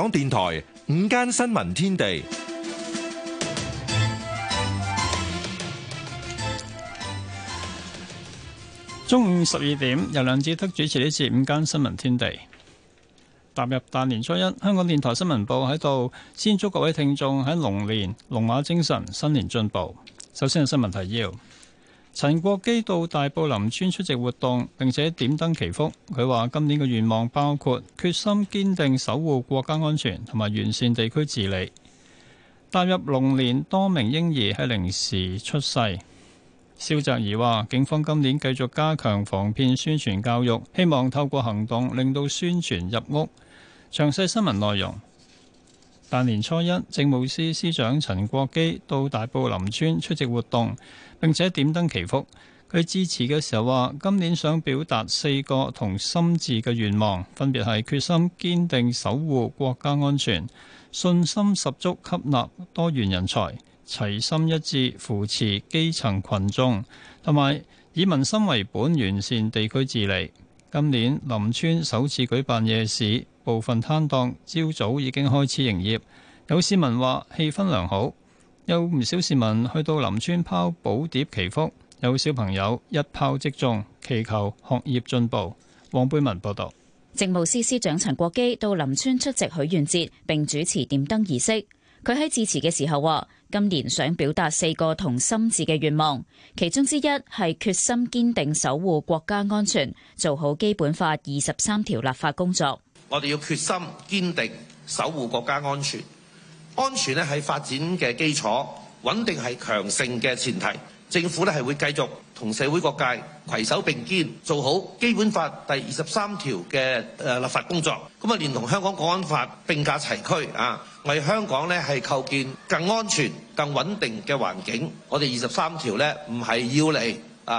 香港電台午間新聞天地，中午十二點由梁智德主持呢次午間新聞天地。踏入大年初一，香港電台新聞部喺度先祝各位聽眾喺龍年龍馬精神，新年進步。首先係新聞提要。陳國基到大埔林村出席活動，並且點燈祈福。佢話今年嘅願望包括決心堅定守護國家安全，同埋完善地區治理。踏入龍年，多名嬰兒喺零時出世。蕭澤頤話：警方今年繼續加強防騙宣傳教育，希望透過行動令到宣傳入屋。詳細新聞內容。大年初一，政務司司長陳國基到大埔林村出席活動，並且點燈祈福。佢致辭嘅時候話，今年想表達四個同心字嘅願望，分別係決心、堅定、守護國家安全、信心十足吸納多元人才、齊心一致扶持基層群眾，同埋以民心為本完善地區治理。今年林村首次舉辦夜市。部分攤檔朝早已經開始營業，有市民話氣氛良好，有唔少市民去到林村拋寶牒祈福，有小朋友一拋即中，祈求學業進步。黃貝文報道，政務司司長陳國基到林村出席許願節並主持點燈儀式。佢喺致辭嘅時候話：今年想表達四個同心字嘅願望，其中之一係決心、堅定守護國家安全，做好基本法二十三條立法工作。我哋要決心堅定守護國家安全，安全咧係發展嘅基礎，穩定係強盛嘅前提。政府咧係會繼續同社會各界攜手並肩做好《基本法》第二十三條嘅立法工作。咁啊，連同香港《國安法》並駕齊驅啊，為香港咧係構建更安全、更穩定嘅環境。我哋二十三條咧唔係要嚟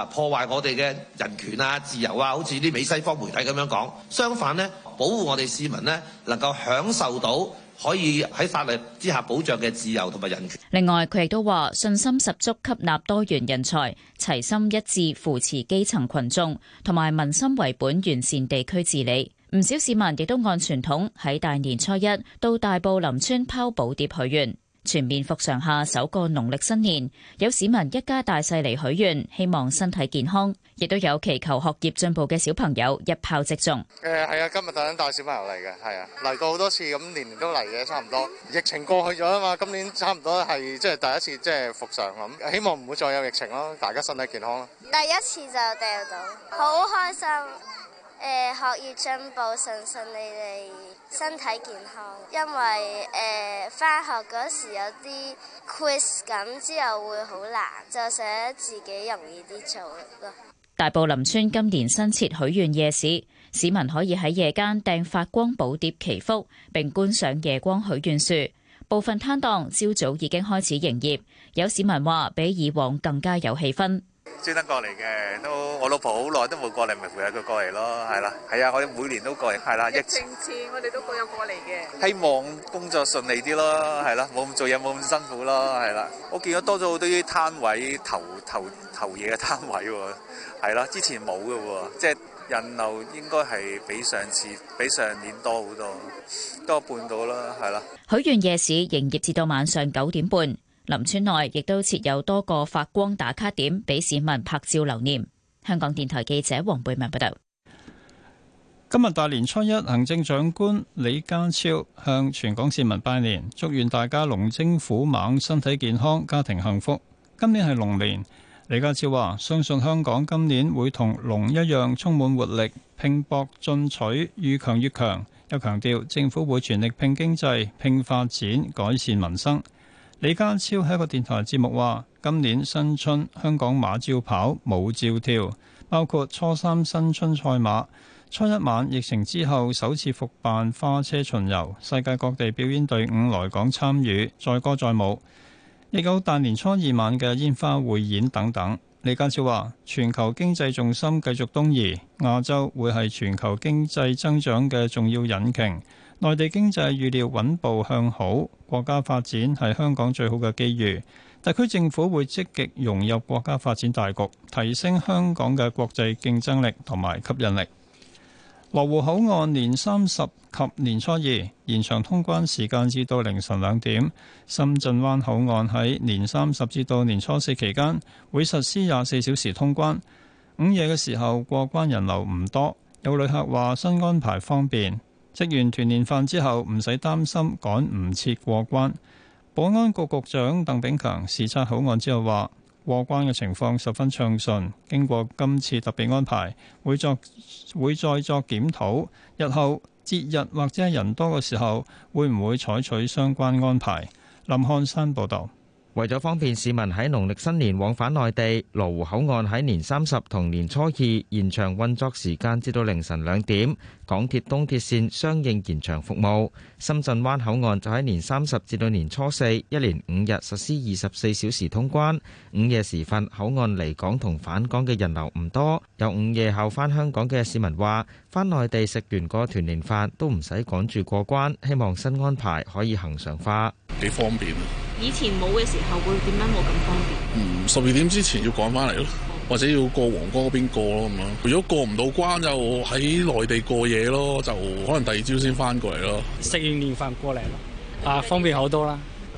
破壞我哋嘅人權啊、自由啊，好似啲美西方媒體咁樣講。相反咧。保護我哋市民呢，能夠享受到可以喺法律之下保障嘅自由同埋人權。另外，佢亦都話信心十足，吸納多元人才，齊心一致扶持基層群眾，同埋民心為本，完善地區治理。唔少市民亦都按傳統喺大年初一到大埔林村拋寶牒許願。全面復常下，首個農曆新年，有市民一家大細嚟許願，希望身體健康，亦都有祈求學業進步嘅小朋友一炮即中。誒、嗯，係啊，今日特登帶小朋友嚟嘅，係啊，嚟過好多次，咁年年都嚟嘅，差唔多。疫情過去咗啊嘛，今年差唔多係即係第一次即係復常咁，希望唔會再有疫情咯，大家身體健康咯。第一次就掉到，好開心。誒學業進步順順利利，身體健康。因為誒返、呃、學嗰時有啲 quiz 咁，之後會好難，就寫自己容易啲做咯。大埔林村今年新設許願夜市，市民可以喺夜間掟發光寶牒祈福，並觀賞夜光許願樹。部分攤檔朝早已經開始營業，有市民話比以往更加有氣氛。專登過嚟嘅，都我老婆好耐都冇過嚟，咪陪下佢過嚟咯。係啦，係啊，我哋每年都過嚟，係啦，疫情前我哋都都有過嚟嘅。的一希望工作順利啲咯，係啦， 冇咁做嘢冇咁辛苦咯，係啦。我見咗多咗好多啲攤位投投投嘢嘅攤位喎，係啦，之前冇㗎喎，即係人流應該係比上次比上年多好多，多半到啦，係啦。許願夜市營業至到晚上九點半。林村內亦都設有多個發光打卡點，俾市民拍照留念。香港電台記者黃貝文報道。今日大年初一，行政長官李家超向全港市民拜年，祝願大家龍精虎猛、身體健康、家庭幸福。今年係龍年，李家超話相信香港今年會同龍一樣充滿活力，拼搏進取，愈強愈強。又強調政府會全力拼經濟、拼發展、改善民生。李家超喺一個電台節目話：今年新春香港馬照跑，舞照跳，包括初三新春賽馬、初一晚疫情之後首次復辦花車巡遊、世界各地表演隊伍來港參與、載歌載舞，亦有大年初二晚嘅煙花匯演等等。李家超話：全球經濟重心繼續東移，亞洲會係全球經濟增長嘅重要引擎。內地經濟預料穩步向好，國家發展係香港最好嘅機遇。特區政府會積極融入國家發展大局，提升香港嘅國際競爭力同埋吸引力。羅湖口岸年三十及年初二延長通關時間至到凌晨兩點。深圳灣口岸喺年三十至到年初四期間會實施廿四小時通關。午夜嘅時候過關人流唔多，有旅客話新安排方便。食完團年飯之後，唔使擔心趕唔切過關。保安局局長鄧炳強視察口岸之後話：過關嘅情況十分暢順。經過今次特別安排，會作會再作檢討。日後節日或者係人多嘅時候，會唔會採取相關安排？林漢山報導。為咗方便市民喺農曆新年往返內地，羅湖口岸喺年三十同年初二延長運作時間至到凌晨兩點，港鐵東鐵線相應延長服務。深圳灣口岸就喺年三十至到年初四，一連五日實施二十四小時通關。午夜時分，口岸離港同返港嘅人流唔多。有午夜後返香港嘅市民話，返內地食完個團年飯都唔使趕住過關，希望新安排可以恒常化，幾方便。以前冇嘅時候會點樣，冇咁方便？嗯，十二點之前要趕翻嚟咯，或者要過皇崗嗰邊過咯咁樣。如果過唔到關就喺內地過夜咯，就可能第二朝先翻過嚟咯。食完年飯過嚟咯，啊，方便好多啦！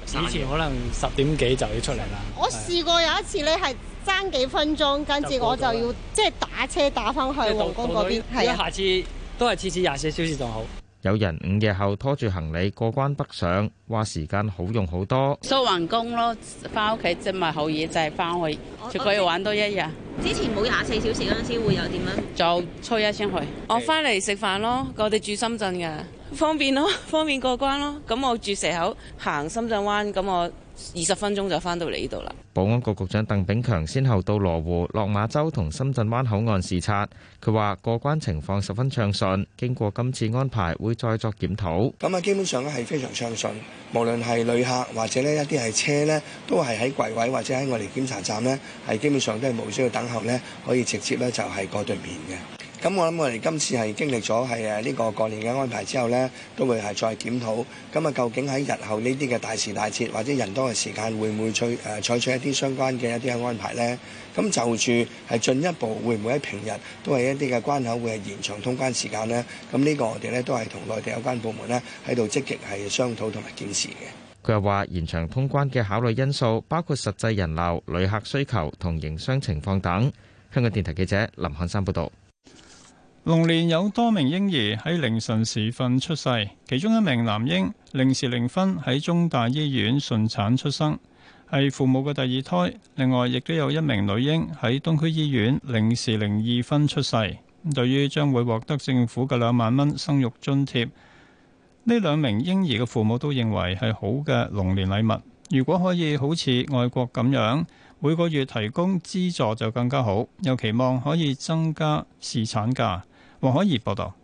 以前可能十點幾就要出嚟啦。我試過有一次你係爭幾分鐘，跟住我就要即係打車打翻去皇崗嗰邊。你底的下次都係次次廿四小時仲好。有人午夜後拖住行李過關北上，話時間好用好多。修完工咯，翻屋企，即係好嘢就係、是、翻、okay. 去，可以玩多一日。之前冇廿四小時嗰陣時會有點樣？做初一先去。的我翻嚟食飯咯，我哋、嗯、住深圳噶，方便咯，方便過關咯。咁我住蛇口，行深圳灣，咁我二十分鐘就翻到嚟呢度啦。保安局局長鄧炳強先後到羅湖、落馬洲同深圳灣口岸視察，佢話過關情況十分暢順，經過今次安排會再作檢討。噉基本上係非常暢順，無論係旅客或者一啲係車都係喺櫃位或者喺我哋檢查站，基本上都係冇需要等候,可以直接就係過對面嘅。咁我諗，我哋今次係經歷咗係誒呢個過年嘅安排之後呢，都會係再檢討咁啊。究竟喺日後呢啲嘅大時大節或者人多嘅時間，會唔會取、呃、採取一啲相關嘅一啲嘅安排呢？咁就住係進一步會唔會喺平日都係一啲嘅關口會係延長通關時間呢？咁呢個我哋呢，都係同內地有關部門呢喺度積極係商討同埋檢視嘅。佢又話：延長通關嘅考慮因素包括實際人流、旅客需求同營商情況等。香港電台記者林漢山報導。龍年有多名嬰兒喺凌晨時分出世，其中一名男嬰零時零分喺中大醫院順產出生，係父母嘅第二胎。另外，亦都有一名女嬰喺東區醫院零時零二分出世。對於將會獲得政府嘅兩萬蚊生育津貼，呢兩名嬰兒嘅父母都認為係好嘅龍年禮物。如果可以好似外國咁樣每個月提供資助就更加好，又期望可以增加侍產假。黃海怡報道。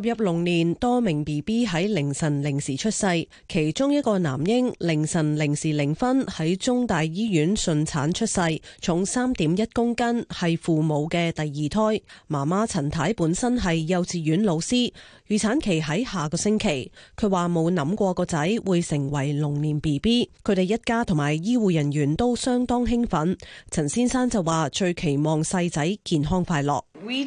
踏入龍年，多名 B B 喺凌晨零時出世，其中一個男嬰凌晨零時零分喺中大醫院順產出世，重三點一公斤，係父母嘅第二胎。媽媽陳太本身係幼稚園老師，預產期喺下個星期。佢話冇諗過個仔會成為龍年 B B，佢哋一家同埋醫護人員都相當興奮。陳先生就話最期望細仔健康快樂。We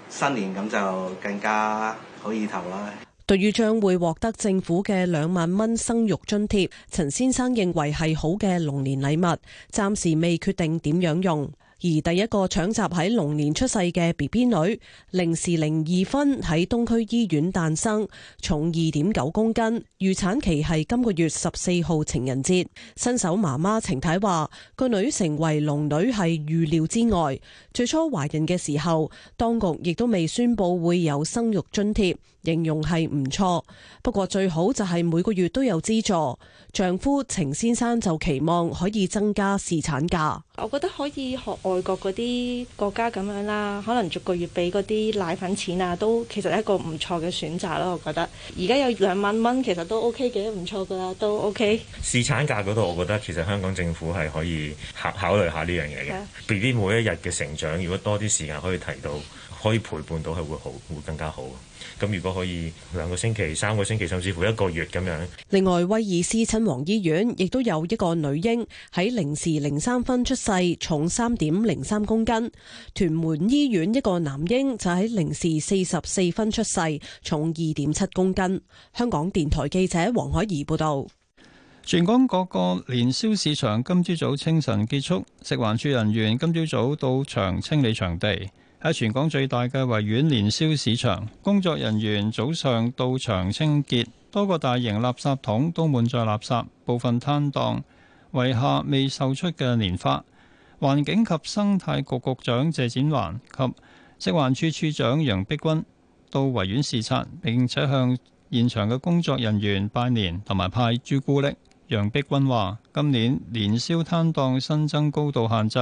新年咁就更加好意頭啦。對於將會獲得政府嘅兩萬蚊生育津貼，陳先生認為係好嘅龍年禮物，暫時未決定點樣用。而第一個搶閘喺龍年出世嘅 BB 女，零時零二分喺東區醫院誕生，重二點九公斤，預產期係今個月十四號情人節。新手媽媽程太話：個女成為龍女係預料之外，最初懷孕嘅時候，當局亦都未宣佈會有生育津貼。形容係唔錯，不過最好就係每個月都有資助。丈夫程先生就期望可以增加侍產假。我覺得可以學外國嗰啲國家咁樣啦，可能逐個月俾嗰啲奶粉錢啊，都其實係一個唔錯嘅選擇咯。我覺得而家有兩萬蚊，其實都 OK 嘅，唔錯㗎喇，都 OK。侍產假嗰度，我覺得其實香港政府係可以考考慮下呢樣嘢嘅。BB 每一日嘅成長，如果多啲時間可以提到，可以陪伴到係會好，會更加好。咁如果可以兩個星期、三個星期，甚至乎一個月咁樣。另外，威爾斯親王醫院亦都有一個女嬰喺零時零三分出世，重三點零三公斤；屯門醫院一個男嬰就喺零時四十四分出世，重二點七公斤。香港電台記者黃海怡報道。全港各個年宵市場今朝早清晨結束，食環署人員今朝早到場清理場地。喺全港最大嘅維園年宵市場，工作人員早上到場清潔，多個大型垃圾桶都滿載垃圾，部分攤檔遺下未售出嘅年花。環境及生態局局長謝展寰及食環署署長楊碧君到維園視察，並且向現場嘅工作人員拜年，同埋派朱古力。楊碧君話：今年年宵攤檔新增高度限制，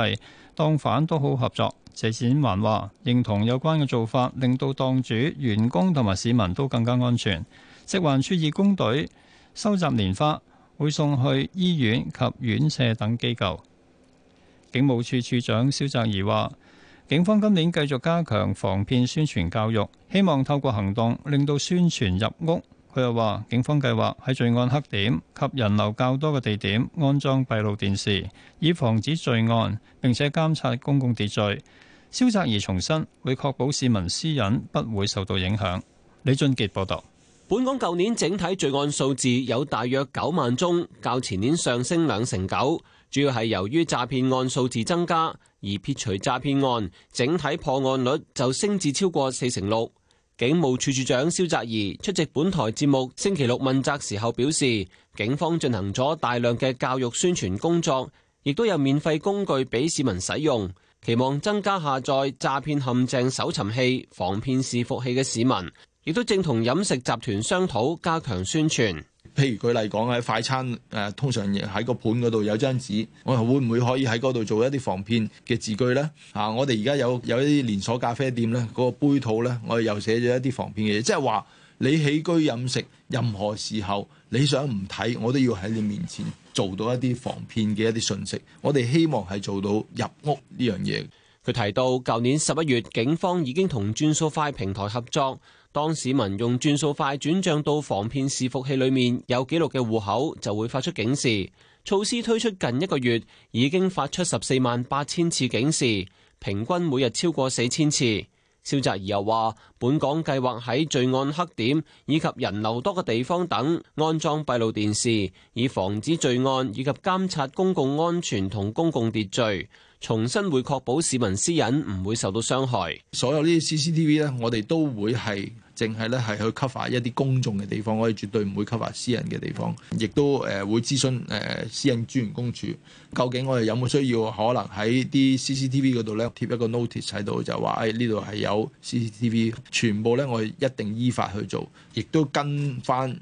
檔販都好合作。謝展寰話：認同有關嘅做法，令到檔主、員工同埋市民都更加安全。食環署義工隊收集年花，會送去醫院及院舍等機構。警務處處長蕭澤頤話：警方今年繼續加強防騙宣傳教育，希望透過行動令到宣傳入屋。佢又話：警方計劃喺罪案黑點及人流較多嘅地點安裝閉路電視，以防止罪案，並且監察公共秩序。蕭澤頤重申，會確保市民私隱不會受到影響。李俊傑報道，本港舊年整體罪案數字有大約九萬宗，較前年上升兩成九，主要係由於詐騙案數字增加，而撇除詐騙案，整體破案率就升至超過四成六。警務處處長蕭澤頤出席本台節目星期六問責時候表示，警方進行咗大量嘅教育宣傳工作，亦都有免費工具俾市民使用，期望增加下載詐騙陷阱搜尋器、防騙視伏器嘅市民，亦都正同飲食集團商討加強宣傳。譬如舉例講喺快餐誒、啊，通常喺個盤嗰度有張紙，我會唔會可以喺嗰度做一啲防騙嘅字句呢？啊，我哋而家有有一啲連鎖咖啡店呢嗰、嗰個杯套呢，我哋又寫咗一啲防騙嘅嘢，即係話你起居飲食任何時候，你想唔睇，我都要喺你面前做到一啲防騙嘅一啲訊息。我哋希望係做到入屋呢樣嘢。佢提到，舊年十一月，警方已經同轉數快平台合作。當市民用轉數快轉賬到防騙伺服器裏面有記錄嘅戶口，就會發出警示。措施推出近一個月，已經發出十四萬八千次警示，平均每日超過四千次。蕭澤頤又話，本港計劃喺罪案黑點以及人流多嘅地方等安裝閉路電視，以防止罪案以及監察公共安全同公共秩序。重新會確保市民私隱唔會受到傷害。所有呢啲 CCTV 咧，我哋都會係。淨係咧，係去 cover 一啲公眾嘅地方，我哋絕對唔會 cover 私人嘅地方，亦都誒會諮詢誒私隱專員公署，究竟我哋有冇需要，可能喺啲 CCTV 嗰度咧貼一個 notice 喺度，就話誒呢度係有 CCTV，全部咧我哋一定依法去做，亦都跟翻誒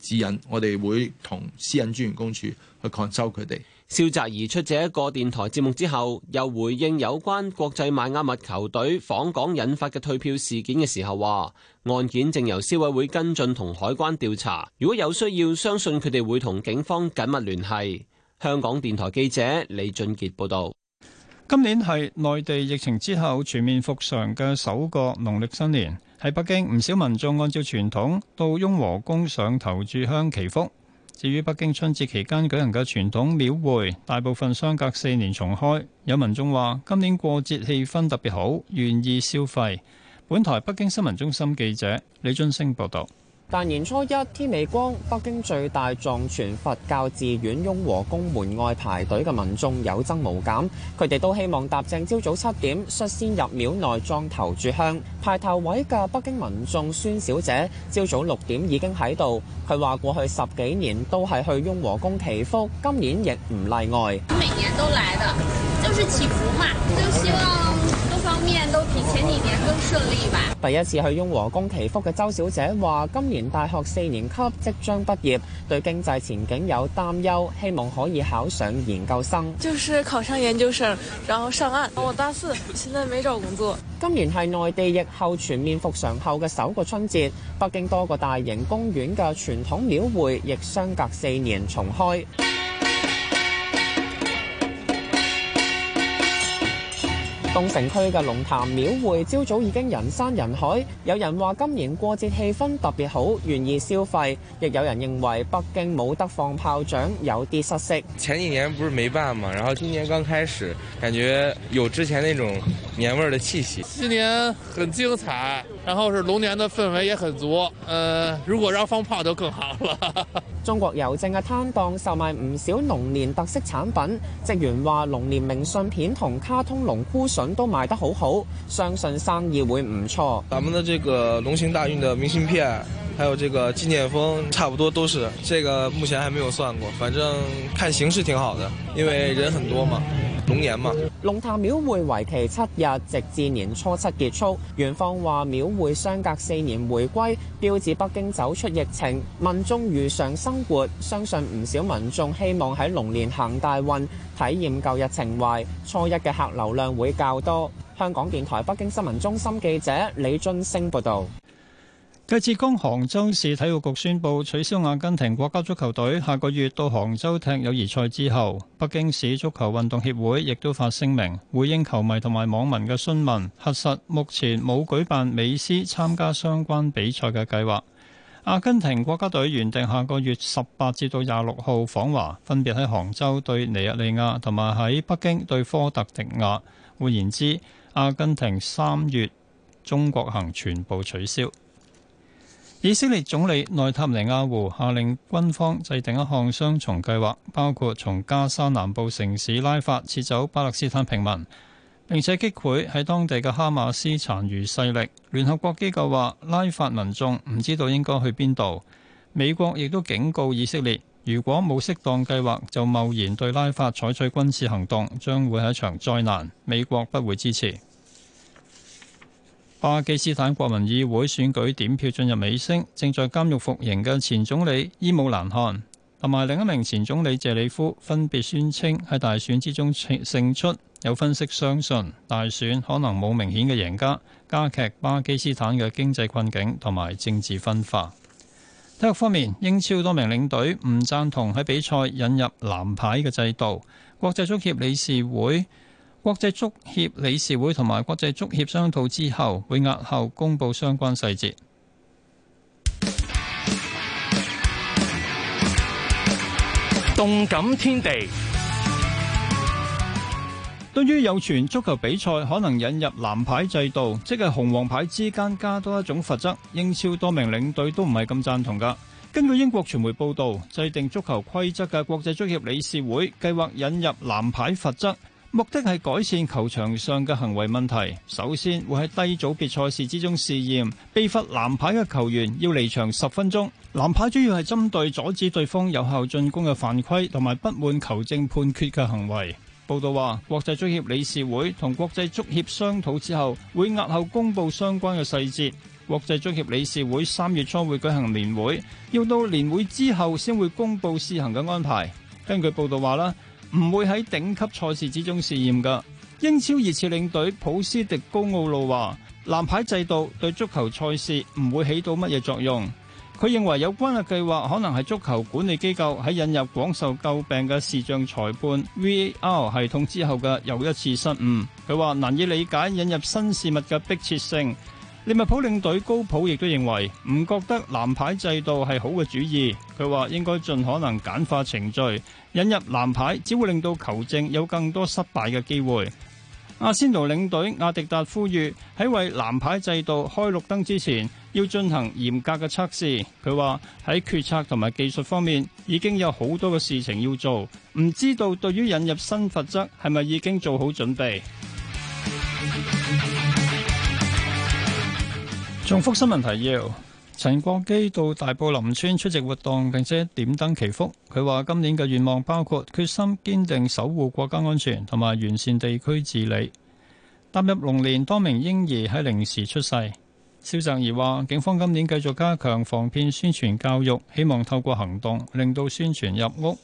指引。我哋會同私隱專員公署去 consult 佢哋。蕭澤怡出席一個電台節目之後，又回應有關國際邁阿密球隊訪港引發嘅退票事件嘅時候話。案件正由消委會跟進同海關調查，如果有需要，相信佢哋會同警方緊密聯繫。香港電台記者李俊杰報道。今年係內地疫情之後全面復常嘅首個農曆新年，喺北京唔少民眾按照傳統到雍和宮上頭炷香祈福。至於北京春節期間舉行嘅傳統廟會，大部分相隔四年重開，有民眾話今年過節氣氛特別好，願意消費。本台北京新聞中心記者李津升報道，大年初一，天未光，北京最大藏傳佛教寺院雍和宮門外排隊嘅民眾有增無減，佢哋都希望搭正朝早七點率先入廟內撞頭柱香。排頭位嘅北京民眾孫小姐，朝早六點已經喺度，佢話過去十幾年都係去雍和宮祈福，今年亦唔例外。每年都來的，就是祈福嘛，就希、是、望、啊。都前一年更順利吧。第一次去雍和宮祈福嘅周小姐話，今年大學四年級即將畢業，對經濟前景有擔憂，希望可以考上研究生。就是考上研究生，然後上岸。 我大四，現在沒找工作。 今年係內地疫後全面復常後嘅首個春節，北京多個大型公園嘅傳統廟會亦相隔四年重開。東城區嘅龍潭廟會朝早已經人山人海，有人話今年過節氣氛特別好，願意消費，亦有人認為北京冇得放炮仗，有啲失色。前幾年不是沒辦嘛，然後今年剛開始，感覺有之前那種年味兒的氣息。 今年很精彩，然後是龍年的氛圍也很足。嗯、呃，如果讓放炮就更好了。 中國郵政嘅攤檔售賣唔少龍年特色產品，職員話龍年明信片同卡通龍枯水。都賣得好好，相信生意會唔錯。咱們的這個龍行大運的明信片，還有這個紀念封，差不多都是。這個目前還沒有算過，反正看形勢挺好的，因為人很多嘛。龍潭廟會為期七日，直至年初七結束。元芳話廟會相隔四年回歸，標誌北京走出疫情，民眾如常生活。相信唔少民眾希望喺龍年行大運體驗舊日情懷，初一嘅客流量會較多。香港電台北京新聞中心記者李俊升報道。繼浙江杭州市體育局宣布取消阿根廷國家足球隊下個月到杭州踢友誼賽之後，北京市足球運動協會亦都發聲明回應球迷同埋網民嘅詢問，核實目前冇舉辦美斯參加相關比賽嘅計劃。阿根廷國家隊原定下個月十八至到廿六號訪華，分別喺杭州對尼日利亞同埋喺北京對科特迪瓦。換言之，阿根廷三月中國行全部取消。以色列總理內塔尼亞胡下令軍方制定一項雙重計劃，包括從加沙南部城市拉法撤走巴勒斯坦平民，並且擊潰喺當地嘅哈馬斯殘餘勢力。聯合國機構話，拉法民眾唔知道應該去邊度。美國亦都警告以色列，如果冇適當計劃就貿然對拉法採取軍事行動，將會係一場災難。美國不會支持。巴基斯坦國民議會選舉點票進入尾聲，正在監獄服刑嘅前總理伊姆蘭汗同埋另一名前總理謝里夫分別宣稱喺大選之中勝出。有分析相信大選可能冇明顯嘅贏家，加劇巴基斯坦嘅經濟困境同埋政治分化。體育方面，英超多名領隊唔贊同喺比賽引入藍牌嘅制度。國際足協理事會。國際足協理事會同埋國際足協商討之後，會押後公布相關細節。動感天地，對於有傳足球比賽可能引入藍牌制度，即係紅黃牌之間加多一種罰則，英超多名領隊都唔係咁讚同噶。根據英國傳媒報道，制定足球規則嘅國際足協理事會計劃引入藍牌罰則。目的係改善球場上嘅行為問題，首先會喺低組別賽事之中試驗，被罰藍牌嘅球員要離場十分鐘。藍牌主要係針對阻止對方有效進攻嘅犯規同埋不滿球證判決嘅行為。報道話，國際足協理事會同國際足協商討之後，會押後公佈相關嘅細節。國際足協理事會三月初會舉行年會，要到年會之後先會公佈試行嘅安排。根據報道話啦。唔會喺頂級賽事之中試驗噶英超二刺領隊普斯迪高奧路話，藍牌制度對足球賽事唔會起到乜嘢作用。佢認為有關嘅計劃可能係足球管理機構喺引入廣受詬病嘅視像裁判 V R 系統之後嘅又一次失誤。佢話難以理解引入新事物嘅迫切性。利物浦領隊高普亦都認為唔覺得藍牌制度係好嘅主意，佢話應該盡可能簡化程序，引入藍牌只會令到球證有更多失敗嘅機會。阿仙奴領隊阿迪達呼籲喺為藍牌制度開綠燈之前，要進行嚴格嘅測試。佢話喺決策同埋技術方面已經有好多嘅事情要做，唔知道對於引入新罰則係咪已經做好準備。重複新聞提要：陳國基到大埔林村出席活動，並且點燈祈福。佢話今年嘅願望包括決心堅定守護國家安全同埋完善地區治理。踏入龍年，多名嬰兒喺零時出世。蕭澤頤話：警方今年繼續加強防騙宣傳教育，希望透過行動令到宣傳入屋。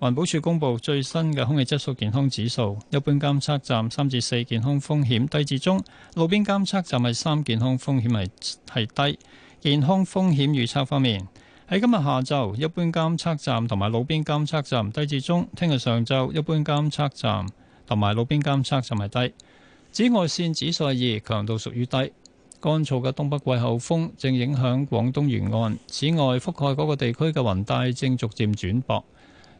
環保署公布最新嘅空氣質素健康指數，一般監測站三至四，健康風險低至中，路邊監測站係三，健康風險係係低。健康風險預測方面，喺今日下晝，一般監測站同埋路邊監測站低至中，聽日上晝，一般監測站同埋路邊監測站係低。紫外線指數係二，強度屬於低。乾燥嘅東北季候風正影響廣東沿岸，此外覆蓋嗰個地區嘅雲帶正逐漸轉薄。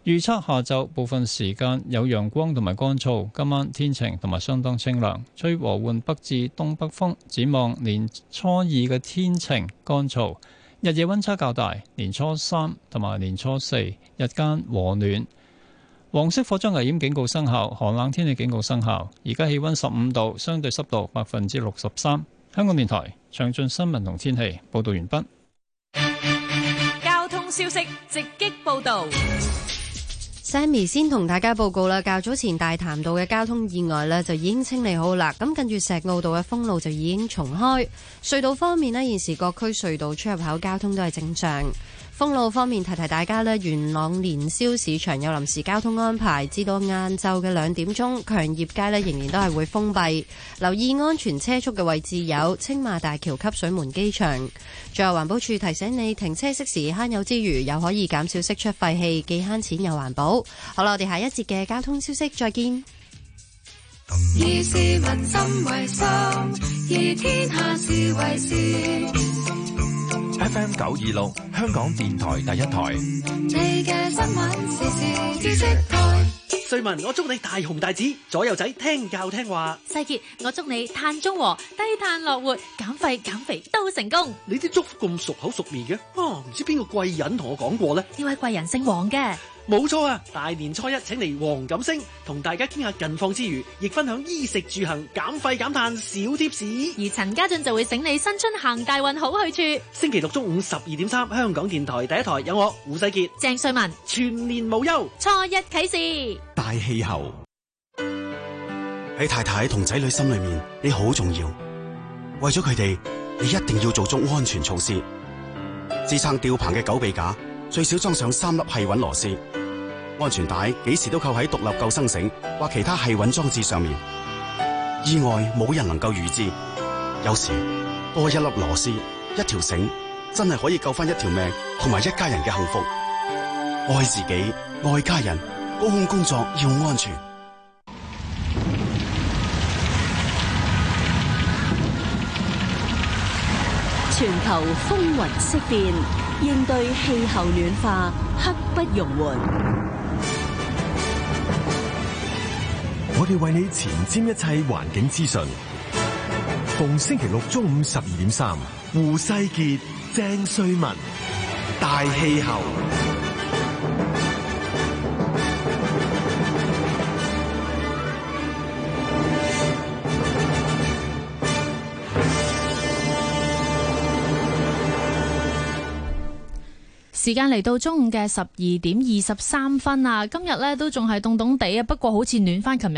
預測下晝部分時間有陽光同埋乾燥，今晚天晴同埋相當清涼，吹和緩北至東北風。展望年初二嘅天晴乾燥，日夜溫差較大。年初三同埋年初四日間和暖。黃色火災危險警告生效，寒冷天氣警告生效。而家氣溫十五度，相對濕度百分之六十三。香港電台詳盡新聞同天氣報道完畢。交通消息直擊報道。Sammy 先同大家報告啦，較早前大潭道嘅交通意外咧就已經清理好啦。咁跟住石澳道嘅封路就已經重開，隧道方面咧，現時各區隧道出入口交通都係正常。封路方面，提提大家咧，元朗年宵市場有臨時交通安排，至到晏晝嘅兩點鐘，強業街咧仍然都係會封閉。留意安全車速嘅位置有青馬大橋、汲水門、機場。最後環保署提醒你，停車熄匙慳油之餘，又可以減少釋出廢氣，既慳錢又環保。好啦，我哋下一節嘅交通消息再見。FM 九二六，香港電台第一台。 瑞文，我祝你大紅大紫，左右仔聽教聽話。世傑，我祝你碳中和，低碳樂活，減肥、減肥，減肥都成功。你啲祝福咁熟口熟面嘅，哦、啊，唔知邊個貴人同我講過呢？呢位貴人姓黃嘅，冇錯啊！大年初一請嚟黃錦星，同大家傾下近況之餘，亦分享衣食住行，減費減碳小貼士。而陳家俊就會整你新春行大運好去處。星期六中午十二點三，香港電台第一台有我胡世傑、鄭瑞文，全年無憂。初一啟事。大氣候。喺太太同仔女心裏面，你好重要。為咗佢哋，你一定要做足安全措施。支撐吊棚嘅狗臂架最少裝上三粒氣穩螺絲。安全帶幾時都扣喺獨立救生繩或其他氣穩裝置上面。意外冇人能夠預知，有時多一粒螺絲、一條繩，真係可以救翻一條命同埋一家人嘅幸福。愛自己，愛家人。高空工作要安全。全球風雲色變，應對氣候暖化，刻不容緩。我哋為你前瞻一切環境資訊，逢星期六中午十二點三，胡世傑、鄭瑞文，大氣候。時間嚟到中午嘅十二點二十三分啊！今日呢都仲係凍凍地啊，不過好似暖翻琴日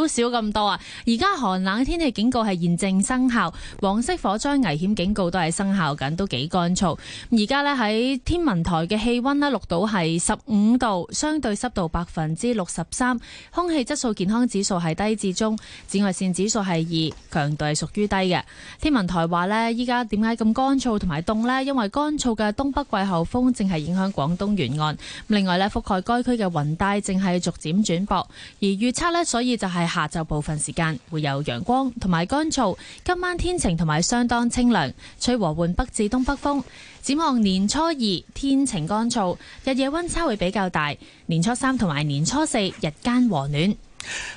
少少咁多啊！而家寒冷天氣警告係現正生效，黃色火災危險警告都係生效緊，都幾乾燥。而家呢喺天文台嘅氣溫呢，錄到係十五度，相對濕度百分之六十三，空氣質素健康指數係低至中，紫外線指數係二，強度係屬於低嘅。天文台話呢，依家點解咁乾燥同埋凍呢？因為乾燥嘅東北季候風。正係影響廣東沿岸。另外咧，覆蓋該區嘅雲帶正係逐漸轉薄，而預測呢，所以就係下晝部分時間會有陽光同埋乾燥。今晚天晴同埋相當清涼，吹和緩北至東北風。展望年初二天晴乾燥，日夜溫差會比較大。年初三同埋年初四日間和暖。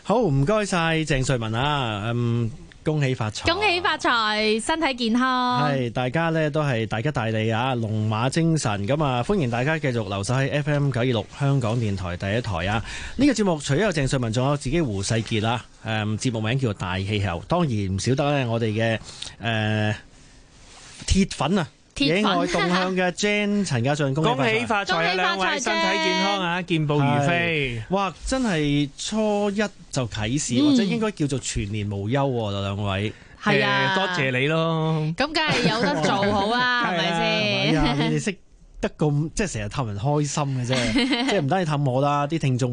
好，唔該晒鄭瑞文啊。嗯恭喜發財！恭喜發財！身體健康！係大家呢都係大吉大利啊！龍馬精神咁啊！歡迎大家繼續留守喺 FM 九二六香港電台第一台啊！呢、這個節目除咗有鄭瑞文，仲有自己胡世傑啊。誒、嗯，節目名叫《大氣候》，當然唔少得咧，我哋嘅誒鐵粉啊！野外動向嘅 Jane 陳家俊，恭喜發財！恭喜發財啊！兩位身體健康啊，健步如飛。哇，真係初一就啟示，即係應該叫做全年無憂喎。兩位係啊，多謝你咯。咁梗係有得做好啊，係咪先？你識得咁即係成日氹人開心嘅啫，即係唔單止你氹我啦，啲聽眾。